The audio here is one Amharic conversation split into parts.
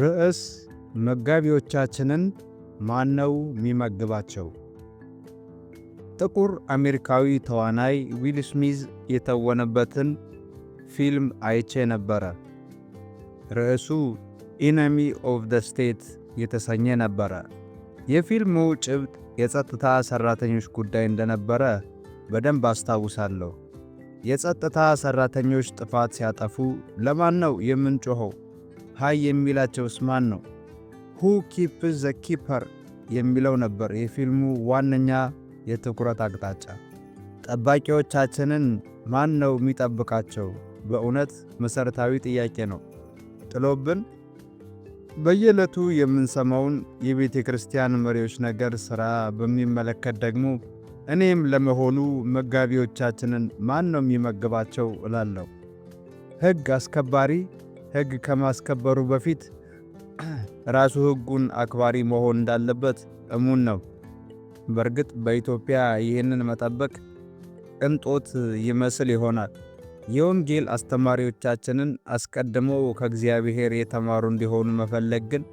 ርዕስ መጋቢዎቻችንን ማነው የሚመግባቸው? ጥቁር አሜሪካዊ ተዋናይ ዊል ስሚዝ የተወነበትን ፊልም አይቼ ነበረ። ርዕሱ ኢነሚ ኦፍ ደ ስቴት የተሰኘ ነበረ። የፊልሙ ጭብጥ የጸጥታ ሠራተኞች ጉዳይ እንደነበረ በደንብ አስታውሳለሁ። የጸጥታ ሠራተኞች ጥፋት ሲያጠፉ ለማን ነው የምንጮኸው? ሃይ የሚላቸውስ ማን ነው? ሁ ኪፕ ዘ ኪፐር የሚለው ነበር የፊልሙ ዋነኛ የትኩረት አቅጣጫ። ጠባቂዎቻችንን ማን ነው የሚጠብቃቸው? በእውነት መሠረታዊ ጥያቄ ነው ጥሎብን በየዕለቱ የምንሰማውን የቤተ ክርስቲያን መሪዎች ነገር ሥራ በሚመለከት ደግሞ እኔም ለመሆኑ መጋቢዎቻችንን ማን ነው የሚመግባቸው እላለሁ። ሕግ አስከባሪ ሕግ ከማስከበሩ በፊት ራሱ ሕጉን አክባሪ መሆን እንዳለበት እሙን ነው። በእርግጥ በኢትዮጵያ ይህንን መጠበቅ ቅንጦት ይመስል ይሆናል። የወንጌል አስተማሪዎቻችንን አስቀድመው ከእግዚአብሔር የተማሩ እንዲሆኑ መፈለግ ግን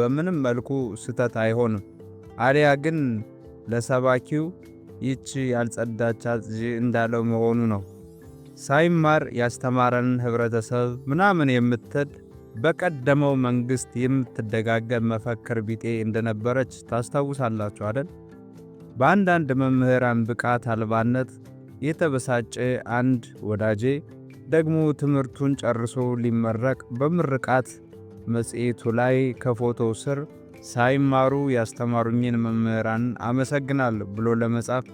በምንም መልኩ ስህተት አይሆንም። አሊያ ግን ለሰባኪው ይቺ ያልጸዳች እንዳለው መሆኑ ነው። ሳይማር ያስተማረንን ህብረተሰብ ምናምን የምትል በቀደመው መንግስት የምትደጋገም መፈክር ቢጤ እንደነበረች ታስታውሳላችሁ አይደል? በአንዳንድ መምህራን ብቃት አልባነት የተበሳጨ አንድ ወዳጄ ደግሞ ትምህርቱን ጨርሶ ሊመረቅ በምርቃት መጽሔቱ ላይ ከፎቶው ስር ሳይማሩ ያስተማሩኝን መምህራን አመሰግናል ብሎ ለመጻፍ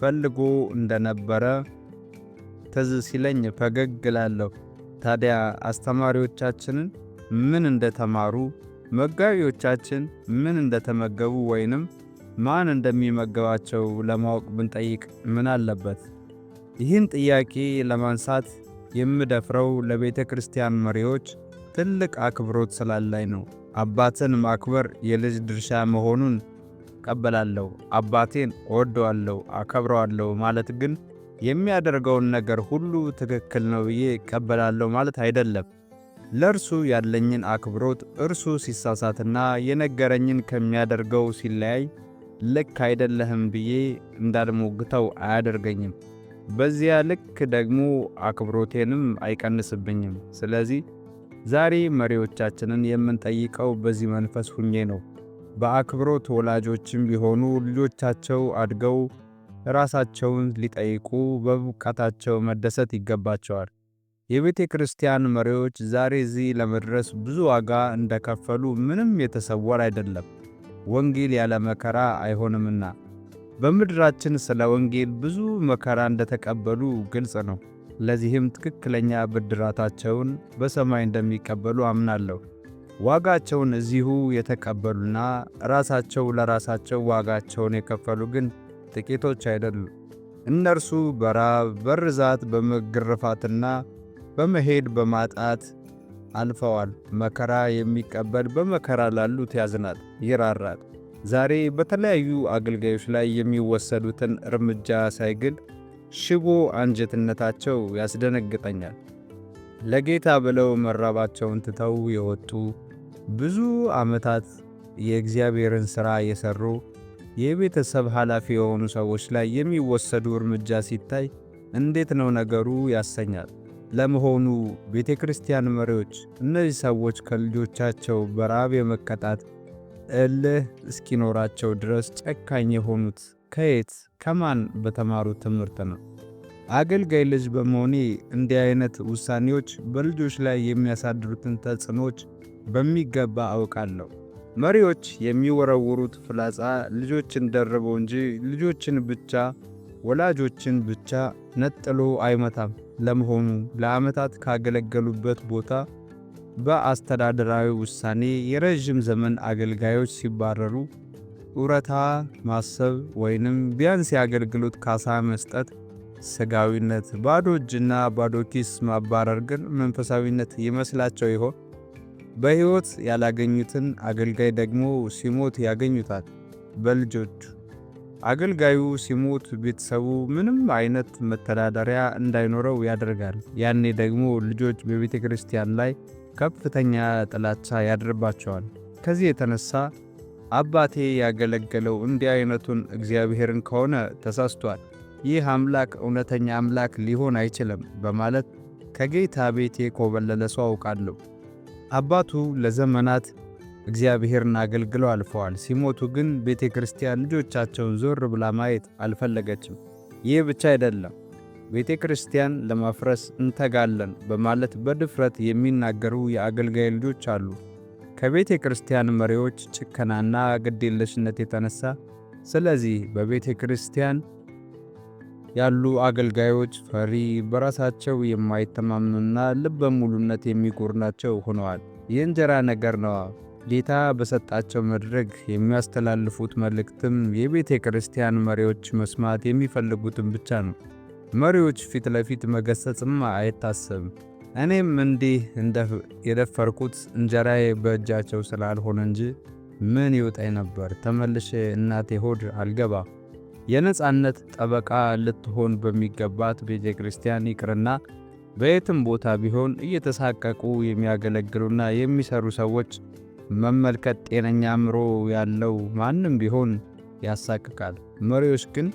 ፈልጎ እንደነበረ ትዝ ሲለኝ ፈገግ እላለሁ። ታዲያ አስተማሪዎቻችንን ምን እንደተማሩ፣ መጋቢዎቻችን ምን እንደተመገቡ ወይንም ማን እንደሚመገባቸው ለማወቅ ብንጠይቅ ምን አለበት? ይህን ጥያቄ ለማንሳት የምደፍረው ለቤተ ክርስቲያን መሪዎች ትልቅ አክብሮት ስላላይ ነው። አባትን ማክበር የልጅ ድርሻ መሆኑን ቀበላለሁ። አባቴን እወደዋለሁ፣ አከብረዋለሁ ማለት ግን የሚያደርገውን ነገር ሁሉ ትክክል ነው ብዬ እቀበላለሁ ማለት አይደለም። ለእርሱ ያለኝን አክብሮት እርሱ ሲሳሳትና የነገረኝን ከሚያደርገው ሲለያይ ልክ አይደለህም ብዬ እንዳልሞግተው አያደርገኝም። በዚያ ልክ ደግሞ አክብሮቴንም አይቀንስብኝም። ስለዚህ ዛሬ መሪዎቻችንን የምንጠይቀው በዚህ መንፈስ ሁኜ ነው። በአክብሮት ወላጆችም ቢሆኑ ልጆቻቸው አድገው ራሳቸውን ሊጠይቁ በብቃታቸው መደሰት ይገባቸዋል። የቤተ ክርስቲያን መሪዎች ዛሬ እዚህ ለመድረስ ብዙ ዋጋ እንደከፈሉ ምንም የተሰወር አይደለም። ወንጌል ያለ መከራ አይሆንምና በምድራችን ስለ ወንጌል ብዙ መከራ እንደተቀበሉ ግልጽ ነው። ለዚህም ትክክለኛ ብድራታቸውን በሰማይ እንደሚቀበሉ አምናለሁ። ዋጋቸውን እዚሁ የተቀበሉና ራሳቸው ለራሳቸው ዋጋቸውን የከፈሉ ግን ጥቂቶች አይደሉም። እነርሱ በራብ በርዛት፣ በመግረፋትና በመሄድ በማጣት አልፈዋል። መከራ የሚቀበል በመከራ ላሉት ያዝናል፣ ይራራል። ዛሬ በተለያዩ አገልጋዮች ላይ የሚወሰዱትን እርምጃ ሳይግል ሽቦ አንጀትነታቸው ያስደነግጠኛል። ለጌታ ብለው መራባቸውን ትተው የወጡ ብዙ ዓመታት የእግዚአብሔርን ሥራ የሠሩ የቤተሰብ ኃላፊ የሆኑ ሰዎች ላይ የሚወሰዱ እርምጃ ሲታይ እንዴት ነው ነገሩ ያሰኛል። ለመሆኑ ቤተ ክርስቲያን መሪዎች እነዚህ ሰዎች ከልጆቻቸው በረሃብ የመቀጣት እልህ እስኪኖራቸው ድረስ ጨካኝ የሆኑት ከየት ከማን በተማሩ ትምህርት ነው? አገልጋይ ልጅ በመሆኔ እንዲህ አይነት ውሳኔዎች በልጆች ላይ የሚያሳድሩትን ተጽዕኖዎች በሚገባ አውቃለሁ። መሪዎች የሚወረውሩት ፍላጻ ልጆችን ደርበው እንጂ ልጆችን ብቻ ወላጆችን ብቻ ነጥሎ አይመታም። ለመሆኑ ለዓመታት ካገለገሉበት ቦታ በአስተዳደራዊ ውሳኔ የረዥም ዘመን አገልጋዮች ሲባረሩ ጡረታ ማሰብ ወይንም ቢያንስ የአገልግሎት ካሳ መስጠት ስጋዊነት፣ ባዶ እጅና ባዶ ኪስ ማባረር ግን መንፈሳዊነት ይመስላቸው ይሆን? በሕይወት ያላገኙትን አገልጋይ ደግሞ ሲሞት ያገኙታል በልጆቹ። አገልጋዩ ሲሞት ቤተሰቡ ምንም አይነት መተዳደሪያ እንዳይኖረው ያደርጋል። ያኔ ደግሞ ልጆች በቤተ ክርስቲያን ላይ ከፍተኛ ጥላቻ ያድርባቸዋል። ከዚህ የተነሳ አባቴ ያገለገለው እንዲህ አይነቱን እግዚአብሔርን ከሆነ ተሳስቷል፣ ይህ አምላክ እውነተኛ አምላክ ሊሆን አይችልም በማለት ከጌታ ቤት የኮበለለ ሰው አውቃለሁ። አባቱ ለዘመናት እግዚአብሔርን አገልግለው አልፈዋል። ሲሞቱ ግን ቤተ ክርስቲያን ልጆቻቸውን ዞር ብላ ማየት አልፈለገችም። ይህ ብቻ አይደለም፣ ቤተ ክርስቲያን ለማፍረስ እንተጋለን በማለት በድፍረት የሚናገሩ የአገልጋይ ልጆች አሉ። ከቤተ ክርስቲያን መሪዎች ጭከናና ግዴለሽነት የተነሳ ስለዚህ በቤተ ክርስቲያን ያሉ አገልጋዮች ፈሪ፣ በራሳቸው የማይተማመኑና ልበ ሙሉነት ናቸው ሆነዋል። የእንጀራ ነገር ነዋ። ጌታ በሰጣቸው መድረክ የሚያስተላልፉት መልእክትም የቤተ ክርስቲያን መሪዎች መስማት የሚፈልጉትን ብቻ ነው። መሪዎች ፊት ለፊት መገሰጽም አይታሰብም። እኔም እንዲህ የደፈርኩት እንጀራዬ በእጃቸው ስላልሆነ እንጂ ምን ይውጣኝ ነበር? ተመልሼ እናቴ ሆድ አልገባ የነጻነት ጠበቃ ልትሆን በሚገባት ቤተ ክርስቲያን ይቅርና በየትም ቦታ ቢሆን እየተሳቀቁ የሚያገለግሉና የሚሰሩ ሰዎች መመልከት ጤነኛ አእምሮ ያለው ማንም ቢሆን ያሳቅቃል። መሪዎች ግን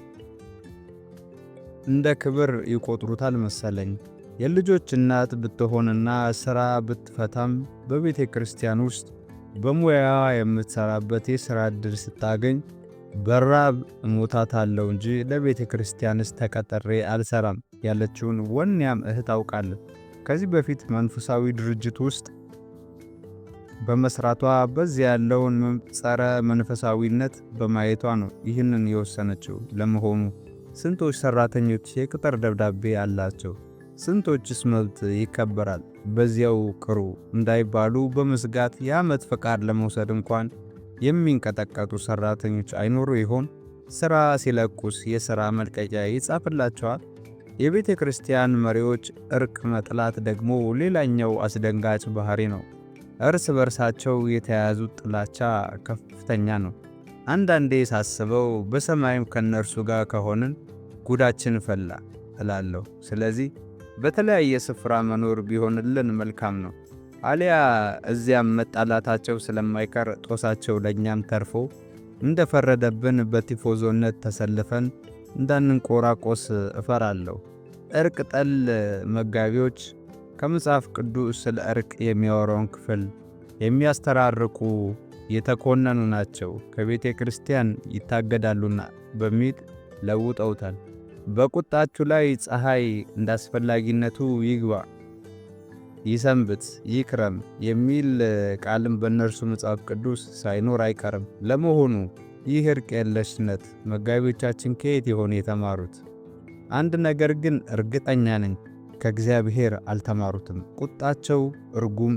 እንደ ክብር ይቆጥሩታል መሰለኝ። የልጆች እናት ብትሆንና ሥራ ብትፈታም በቤተ ክርስቲያን ውስጥ በሙያዋ የምትሠራበት የሥራ ዕድል ስታገኝ በራብ እሞታታለሁ እንጂ ለቤተ ክርስቲያንስ ተቀጠሬ አልሰራም ያለችውን ወንያም እህት አውቃለሁ። ከዚህ በፊት መንፈሳዊ ድርጅት ውስጥ በመስራቷ በዚያ ያለውን ጸረ መንፈሳዊነት በማየቷ ነው ይህንን የወሰነችው። ለመሆኑ ስንቶች ሰራተኞች የቅጥር ደብዳቤ አላቸው? ስንቶችስ መብት ይከበራል? በዚያው ቅሩ እንዳይባሉ በመስጋት የዓመት ፈቃድ ለመውሰድ እንኳን የሚንቀጠቀጡ ሰራተኞች አይኖሩ ይሆን? ሥራ ሲለቁስ የሥራ መልቀቂያ ይጻፍላቸዋል? የቤተ ክርስቲያን መሪዎች እርቅ መጥላት ደግሞ ሌላኛው አስደንጋጭ ባህሪ ነው። እርስ በርሳቸው የተያያዙት ጥላቻ ከፍተኛ ነው። አንዳንዴ ሳስበው በሰማይም ከነርሱ ጋር ከሆንን ጉዳችን ፈላ እላለሁ። ስለዚህ በተለያየ ስፍራ መኖር ቢሆንልን መልካም ነው። አሊያ እዚያም መጣላታቸው ስለማይቀር ጦሳቸው ለእኛም ተርፎ እንደፈረደብን በቲፎዞነት ተሰልፈን እንዳንንቆራቆስ እፈራለሁ። እርቅ ጠል መጋቢዎች ከመጽሐፍ ቅዱስ ስለ እርቅ የሚያወራውን ክፍል የሚያስተራርቁ የተኮነኑ ናቸው። ከቤተ ክርስቲያን ይታገዳሉና በሚል ለውጠውታል። በቁጣችሁ ላይ ፀሐይ እንዳስፈላጊነቱ ይግባ ይሰንብት ይክረም የሚል ቃልም በእነርሱ መጽሐፍ ቅዱስ ሳይኖር አይቀርም። ለመሆኑ ይህ እርቅ የለሽነት መጋቢዎቻችን ከየት የሆኑ የተማሩት? አንድ ነገር ግን እርግጠኛ ነኝ፣ ከእግዚአብሔር አልተማሩትም። ቁጣቸው እርጉም፣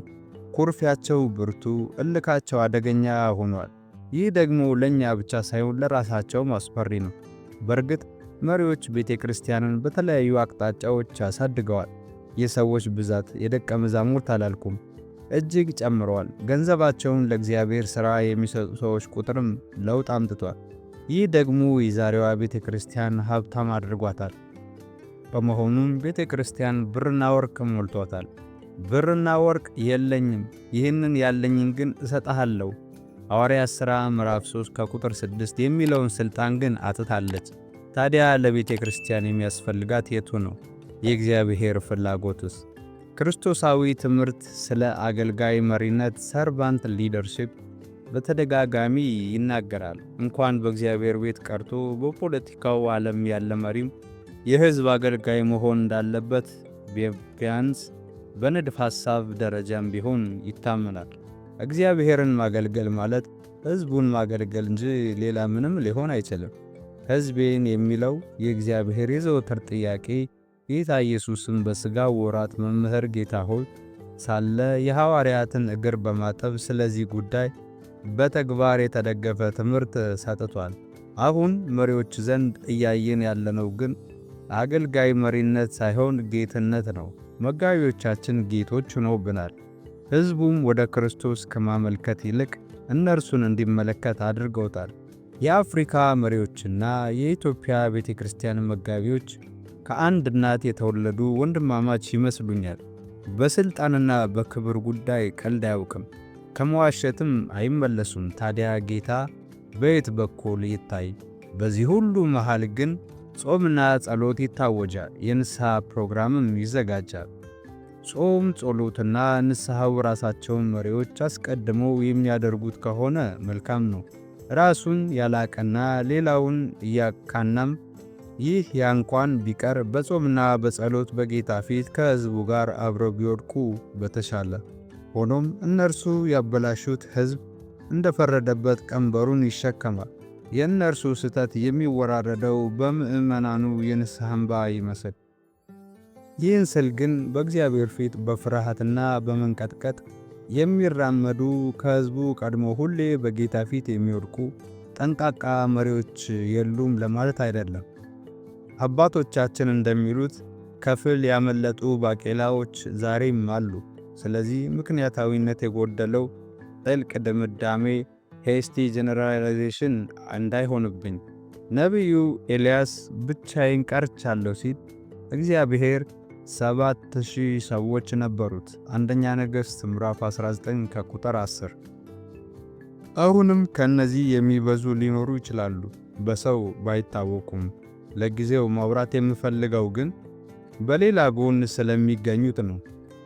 ኩርፊያቸው ብርቱ፣ እልካቸው አደገኛ ሆኗል። ይህ ደግሞ ለእኛ ብቻ ሳይሆን ለራሳቸውም አስፈሪ ነው። በእርግጥ መሪዎች ቤተ ክርስቲያንን በተለያዩ አቅጣጫዎች አሳድገዋል። የሰዎች ብዛት የደቀ መዛሙርት አላልኩም እጅግ ጨምረዋል። ገንዘባቸውን ለእግዚአብሔር ሥራ የሚሰጡ ሰዎች ቁጥርም ለውጥ አምጥቷል። ይህ ደግሞ የዛሬዋ ቤተ ክርስቲያን ሀብታም አድርጓታል። በመሆኑም ቤተ ክርስቲያን ብርና ወርቅ ሞልቶታል። ብርና ወርቅ የለኝም፣ ይህንን ያለኝን ግን እሰጠሃለሁ ሐዋርያት ሥራ ምዕራፍ 3 ከቁጥር 6 የሚለውን ሥልጣን ግን አጥታለች። ታዲያ ለቤተ ክርስቲያን የሚያስፈልጋት የቱ ነው? የእግዚአብሔር ፍላጎትስ? ክርስቶሳዊ ትምህርት ስለ አገልጋይ መሪነት ሰርቫንት ሊደርሺፕ በተደጋጋሚ ይናገራል። እንኳን በእግዚአብሔር ቤት ቀርቶ በፖለቲካው ዓለም ያለ መሪም የሕዝብ አገልጋይ መሆን እንዳለበት ቢያንስ በንድፍ ሐሳብ ደረጃም ቢሆን ይታመናል። እግዚአብሔርን ማገልገል ማለት ሕዝቡን ማገልገል እንጂ ሌላ ምንም ሊሆን አይችልም። ሕዝቤን የሚለው የእግዚአብሔር የዘወትር ጥያቄ ጌታ ኢየሱስም በሥጋ ወራት መምህር ጌታ ሆይ ሳለ የሐዋርያትን እግር በማጠብ ስለዚህ ጉዳይ በተግባር የተደገፈ ትምህርት ሰጥቷል። አሁን መሪዎች ዘንድ እያየን ያለነው ግን አገልጋይ መሪነት ሳይሆን ጌትነት ነው። መጋቢዎቻችን ጌቶች ሆነውብናል። ሕዝቡም ወደ ክርስቶስ ከማመልከት ይልቅ እነርሱን እንዲመለከት አድርገውታል። የአፍሪካ መሪዎችና የኢትዮጵያ ቤተ ክርስቲያን መጋቢዎች ከአንድ እናት የተወለዱ ወንድማማች ይመስሉኛል። በሥልጣንና በክብር ጉዳይ ቀልድ አያውቅም፣ ከመዋሸትም አይመለሱም። ታዲያ ጌታ በየት በኩል ይታይ? በዚህ ሁሉ መሃል ግን ጾምና ጸሎት ይታወጃል፣ የንስሐ ፕሮግራምም ይዘጋጃል። ጾም፣ ጸሎትና ንስሐው ራሳቸውን መሪዎች አስቀድመው የሚያደርጉት ከሆነ መልካም ነው። ራሱን ያላቀና ሌላውን እያካናም ይህ ያንኳን ቢቀር በጾምና በጸሎት በጌታ ፊት ከሕዝቡ ጋር አብረው ቢወድቁ በተሻለ። ሆኖም እነርሱ ያበላሹት ሕዝብ እንደፈረደበት ቀንበሩን ይሸከማል። የእነርሱ ስህተት የሚወራረደው በምዕመናኑ የንስሐ እንባ ይመስል። ይህን ስል ግን በእግዚአብሔር ፊት በፍርሃትና በመንቀጥቀጥ የሚራመዱ ከሕዝቡ ቀድሞ ሁሌ በጌታ ፊት የሚወድቁ ጠንቃቃ መሪዎች የሉም ለማለት አይደለም። አባቶቻችን እንደሚሉት ከፍል ያመለጡ ባቄላዎች ዛሬም አሉ። ስለዚህ ምክንያታዊነት የጎደለው ጥልቅ ድምዳሜ ሄስቲ ጀነራላይዜሽን እንዳይሆንብኝ ነቢዩ ኤልያስ ብቻዬን ቀርቻለሁ ሲል እግዚአብሔር ሰባት ሺህ ሰዎች ነበሩት። አንደኛ ነገሥት ምዕራፍ 19 ከቁጥር 10። አሁንም ከእነዚህ የሚበዙ ሊኖሩ ይችላሉ በሰው ባይታወቁም ለጊዜው ማውራት የምፈልገው ግን በሌላ ጎን ስለሚገኙት ነው።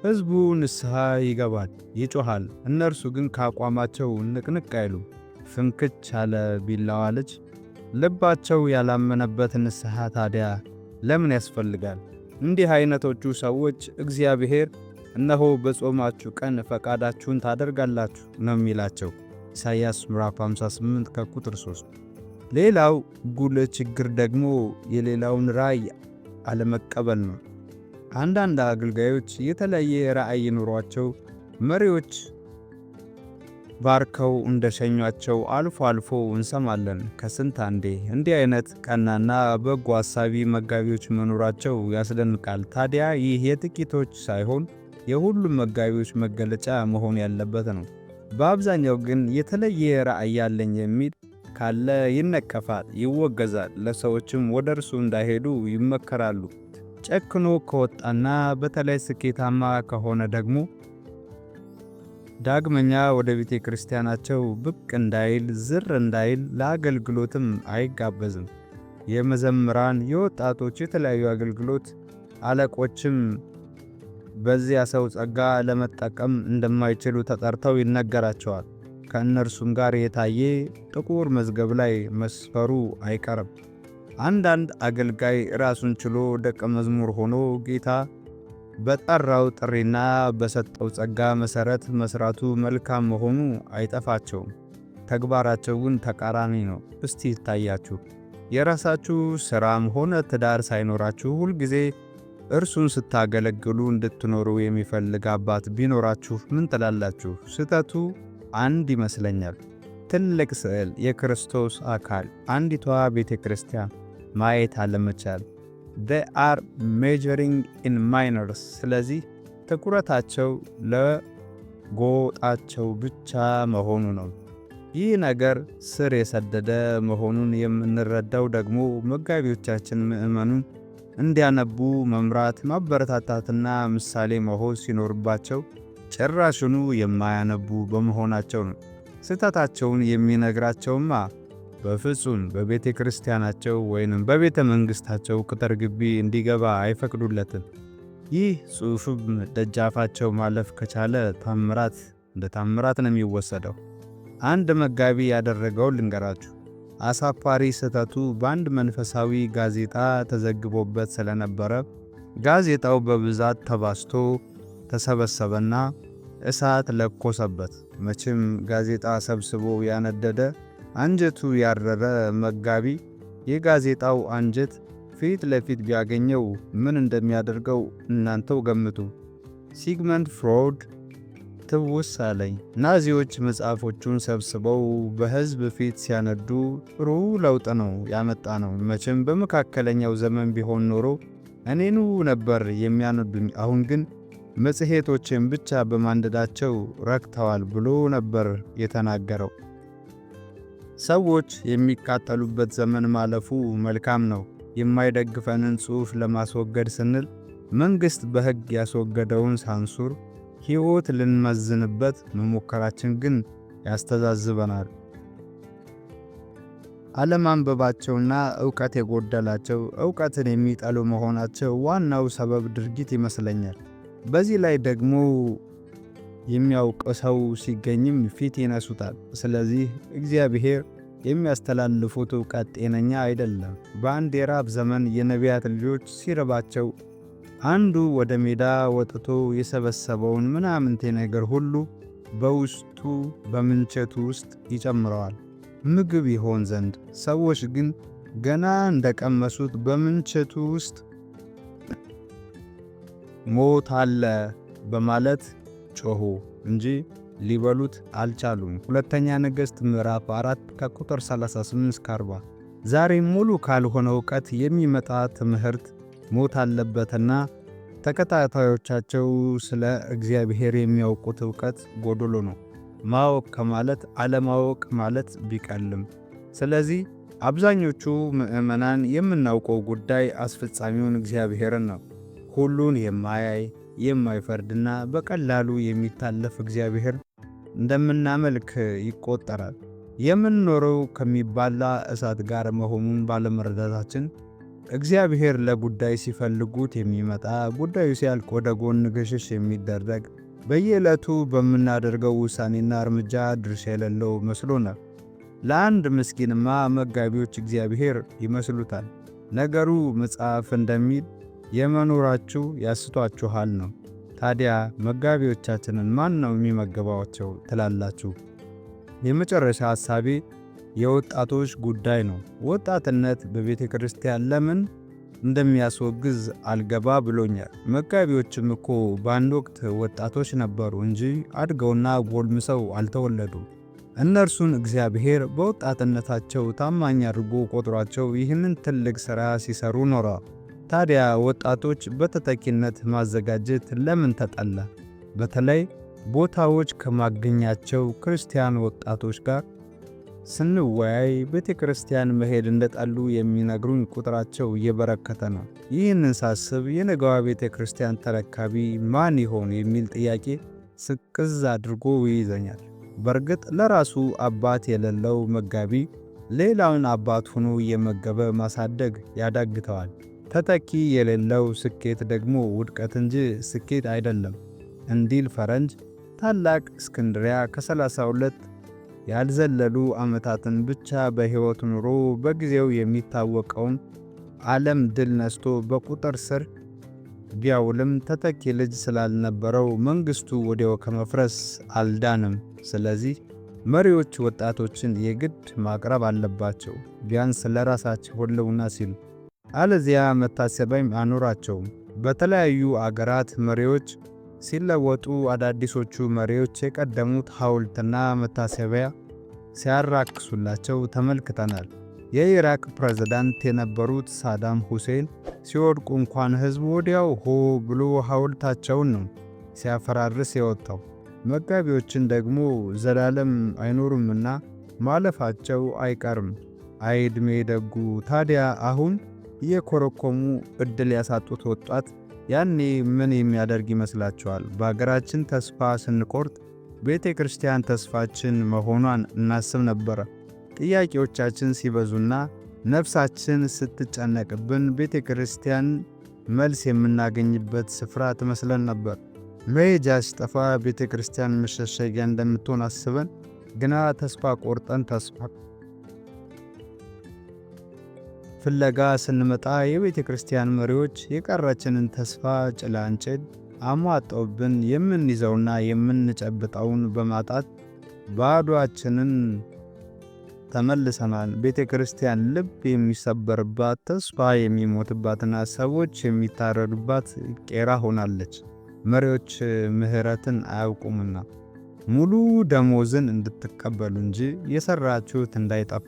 ሕዝቡ ንስሐ ይገባል፣ ይጮኻል። እነርሱ ግን ከአቋማቸው ንቅንቅ አይሉ። ፍንክች አለ ቢላዋ ልጅ። ልባቸው ያላመነበት ንስሐ ታዲያ ለምን ያስፈልጋል? እንዲህ አይነቶቹ ሰዎች እግዚአብሔር እነሆ በጾማችሁ ቀን ፈቃዳችሁን ታደርጋላችሁ ነው የሚላቸው። ኢሳይያስ ምዕራፍ 58 ከቁጥር 3 ሌላው ጉል ችግር ደግሞ የሌላውን ራዕይ አለመቀበል ነው። አንዳንድ አገልጋዮች የተለየ ራእይ ኑሯቸው መሪዎች ባርከው እንደሸኟቸው አልፎ አልፎ እንሰማለን። ከስንት አንዴ እንዲህ አይነት ቀናና በጎ አሳቢ መጋቢዎች መኖራቸው ያስደንቃል። ታዲያ ይህ የጥቂቶች ሳይሆን የሁሉም መጋቢዎች መገለጫ መሆን ያለበት ነው። በአብዛኛው ግን የተለየ ራዕይ አለኝ የሚል ካለ ይነቀፋል፣ ይወገዛል። ለሰዎችም ወደ እርሱ እንዳይሄዱ ይመከራሉ። ጨክኖ ከወጣና በተለይ ስኬታማ ከሆነ ደግሞ ዳግመኛ ወደ ቤተ ክርስቲያናቸው ብቅ እንዳይል ዝር እንዳይል ለአገልግሎትም አይጋበዝም። የመዘምራን የወጣቶች፣ የተለያዩ አገልግሎት አለቆችም በዚያ ሰው ጸጋ ለመጠቀም እንደማይችሉ ተጠርተው ይነገራቸዋል። ከእነርሱም ጋር የታየ ጥቁር መዝገብ ላይ መስፈሩ አይቀርም። አንዳንድ አገልጋይ ራሱን ችሎ ደቀ መዝሙር ሆኖ ጌታ በጠራው ጥሪና በሰጠው ጸጋ መሠረት መሥራቱ መልካም መሆኑ አይጠፋቸውም። ተግባራቸው ግን ተቃራኒ ነው። እስቲ ይታያችሁ። የራሳችሁ ሥራም ሆነ ትዳር ሳይኖራችሁ ሁልጊዜ እርሱን ስታገለግሉ እንድትኖሩ የሚፈልግ አባት ቢኖራችሁ ምን ትላላችሁ? ስህተቱ አንድ ይመስለኛል። ትልቅ ስዕል የክርስቶስ አካል አንዲቷ ቤተ ክርስቲያን ማየት አለመቻል they are majoring ኢን ማይነርስ ስለዚህ ትኩረታቸው ለጎጣቸው ብቻ መሆኑ ነው። ይህ ነገር ስር የሰደደ መሆኑን የምንረዳው ደግሞ መጋቢዎቻችን ምእመኑን እንዲያነቡ መምራት ማበረታታትና ምሳሌ መሆን ሲኖርባቸው ጭራሹኑ የማያነቡ በመሆናቸው ነው። ስህተታቸውን የሚነግራቸውማ በፍጹም በቤተ ክርስቲያናቸው ወይንም በቤተ መንግሥታቸው ቅጥር ግቢ እንዲገባ አይፈቅዱለትም። ይህ ጽሑፍም ደጃፋቸው ማለፍ ከቻለ ታምራት እንደ ታምራት ነው የሚወሰደው። አንድ መጋቢ ያደረገው ልንገራችሁ። አሳፋሪ ስህተቱ በአንድ መንፈሳዊ ጋዜጣ ተዘግቦበት ስለነበረ ጋዜጣው በብዛት ተባስቶ ተሰበሰበና እሳት ለኮሰበት። መቼም ጋዜጣ ሰብስቦ ያነደደ አንጀቱ ያረረ መጋቢ የጋዜጣው አንጀት ፊት ለፊት ቢያገኘው ምን እንደሚያደርገው እናንተው ገምቱ። ሲግመንድ ፍሮድ ትውስ አለኝ። ናዚዎች መጽሐፎቹን ሰብስበው በሕዝብ ፊት ሲያነዱ ጥሩ ለውጥ ነው ያመጣ ነው። መቼም በመካከለኛው ዘመን ቢሆን ኖሮ እኔኑ ነበር የሚያነዱኝ። አሁን ግን መጽሔቶችን ብቻ በማንደዳቸው ረክተዋል ብሎ ነበር የተናገረው። ሰዎች የሚቃጠሉበት ዘመን ማለፉ መልካም ነው። የማይደግፈንን ጽሑፍ ለማስወገድ ስንል መንግሥት በሕግ ያስወገደውን ሳንሱር ሕይወት ልንመዝንበት መሞከራችን ግን ያስተዛዝበናል። አለማንበባቸውና ዕውቀት የጎደላቸው ዕውቀትን የሚጠሉ መሆናቸው ዋናው ሰበብ ድርጊት ይመስለኛል። በዚህ ላይ ደግሞ የሚያውቀው ሰው ሲገኝም ፊት ይነሱታል። ስለዚህ እግዚአብሔር የሚያስተላልፉት እውቀት ጤነኛ አይደለም። በአንድ የራብ ዘመን የነቢያት ልጆች ሲረባቸው አንዱ ወደ ሜዳ ወጥቶ የሰበሰበውን ምናምንቴ ነገር ሁሉ በውስጡ በምንቸቱ ውስጥ ይጨምረዋል ምግብ ይሆን ዘንድ። ሰዎች ግን ገና እንደቀመሱት በምንቸቱ ውስጥ ሞት አለ በማለት ጮሁ እንጂ ሊበሉት አልቻሉም። ሁለተኛ ነገሥት ምዕራፍ 4 ከቁጥር 38 እስከ 40። ዛሬ ሙሉ ካልሆነ እውቀት የሚመጣ ትምህርት ሞት አለበትና ተከታታዮቻቸው ስለ እግዚአብሔር የሚያውቁት እውቀት ጎዶሎ ነው። ማወቅ ከማለት አለማወቅ ማለት ቢቀልም። ስለዚህ አብዛኞቹ ምዕመናን የምናውቀው ጉዳይ አስፈጻሚውን እግዚአብሔርን ነው። ሁሉን የማያይ የማይፈርድና በቀላሉ የሚታለፍ እግዚአብሔር እንደምናመልክ ይቆጠራል። የምንኖረው ከሚባላ እሳት ጋር መሆኑን ባለመረዳታችን እግዚአብሔር ለጉዳይ ሲፈልጉት የሚመጣ ጉዳዩ ሲያልቅ ወደ ጎን ግሽሽ የሚደረግ በየዕለቱ በምናደርገው ውሳኔና እርምጃ ድርሻ የሌለው መስሎናል። ለአንድ ምስኪንማ መጋቢዎች እግዚአብሔር ይመስሉታል። ነገሩ መጽሐፍ እንደሚል የመኖራችሁ ያስቷችኋል ነው። ታዲያ መጋቢዎቻችንን ማን ነው የሚመገባቸው ትላላችሁ? የመጨረሻ ሐሳቤ የወጣቶች ጉዳይ ነው። ወጣትነት በቤተ ክርስቲያን ለምን እንደሚያስወግዝ አልገባ ብሎኛል። መጋቢዎችም እኮ በአንድ ወቅት ወጣቶች ነበሩ እንጂ አድገውና ጎልምሰው አልተወለዱም። እነርሱን እግዚአብሔር በወጣትነታቸው ታማኝ አድርጎ ቆጥሯቸው ይህንን ትልቅ ሥራ ሲሰሩ ኖረዋል። ታዲያ ወጣቶች በተተኪነት ማዘጋጀት ለምን ተጠላ? በተለይ ቦታዎች ከማገኛቸው ክርስቲያን ወጣቶች ጋር ስንወያይ ቤተ ክርስቲያን መሄድ እንደጠሉ የሚነግሩኝ ቁጥራቸው እየበረከተ ነው። ይህንን ሳስብ የነገዋ ቤተ ክርስቲያን ተረካቢ ማን ይሆን የሚል ጥያቄ ስቅዝ አድርጎ ይይዘኛል። በእርግጥ ለራሱ አባት የሌለው መጋቢ ሌላውን አባት ሆኖ እየመገበ ማሳደግ ያዳግተዋል። ተተኪ የሌለው ስኬት ደግሞ ውድቀት እንጂ ስኬት አይደለም እንዲል ፈረንጅ ታላቅ እስክንድሪያ ከ32 ያልዘለሉ ዓመታትን ብቻ በሕይወት ኑሮ በጊዜው የሚታወቀውን ዓለም ድል ነስቶ በቁጥር ስር ቢያውልም ተተኪ ልጅ ስላልነበረው መንግሥቱ ወዲያው ከመፍረስ አልዳንም። ስለዚህ መሪዎች ወጣቶችን የግድ ማቅረብ አለባቸው፣ ቢያንስ ለራሳቸው ሕልውና ሲሉ አለዚያ መታሰቢያም አይኖራቸውም። በተለያዩ አገራት መሪዎች ሲለወጡ አዳዲሶቹ መሪዎች የቀደሙት ሐውልትና መታሰቢያ ሲያራክሱላቸው ተመልክተናል። የኢራቅ ፕሬዝዳንት የነበሩት ሳዳም ሁሴን ሲወድቁ እንኳን ሕዝቡ ወዲያው ሆ ብሎ ሐውልታቸውን ነው ሲያፈራርስ የወጣው። መጋቢዎችን ደግሞ ዘላለም አይኖሩምና ማለፋቸው አይቀርም። አይድሜ ደጉ ታዲያ አሁን እየኮረኮሙ እድል ያሳጡት ወጣት ያኔ ምን የሚያደርግ ይመስላችኋል? በሀገራችን ተስፋ ስንቆርጥ ቤተ ክርስቲያን ተስፋችን መሆኗን እናስብ ነበረ። ጥያቄዎቻችን ሲበዙና ነፍሳችን ስትጨነቅብን ቤተ ክርስቲያን መልስ የምናገኝበት ስፍራ ትመስለን ነበር። መሄጃ ሲጠፋ ቤተ ክርስቲያን መሸሸጊያ እንደምትሆን አስበን ግና ተስፋ ቆርጠን ተስፋ ፍለጋ ስንመጣ የቤተ ክርስቲያን መሪዎች የቀረችንን ተስፋ ጭላንጭል አሟጠውብን የምንይዘውና የምንጨብጠውን በማጣት ባዷችንን ተመልሰናል። ቤተ ክርስቲያን ልብ የሚሰበርባት ተስፋ የሚሞትባትና ሰዎች የሚታረዱባት ቄራ ሆናለች። መሪዎች ምሕረትን አያውቁምና ሙሉ ደሞዝን እንድትቀበሉ እንጂ የሰራችሁት እንዳይጠፋ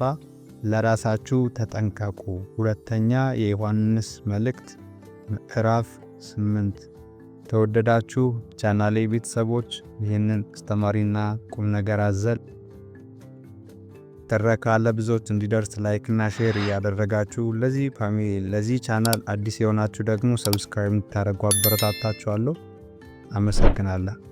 ለራሳችሁ ተጠንቀቁ። ሁለተኛ የዮሐንስ መልእክት ምዕራፍ 8። ተወደዳችሁ ቻናሌ ቤተሰቦች ይህንን አስተማሪና ቁም ነገር አዘል ትረካ ለብዙዎች እንዲደርስ ላይክና ሼር እያደረጋችሁ ለዚህ ፋሚሊ ለዚህ ቻናል አዲስ የሆናችሁ ደግሞ ሰብስክራይብ እንድታደርጉ አበረታታችኋለሁ። አመሰግናለሁ።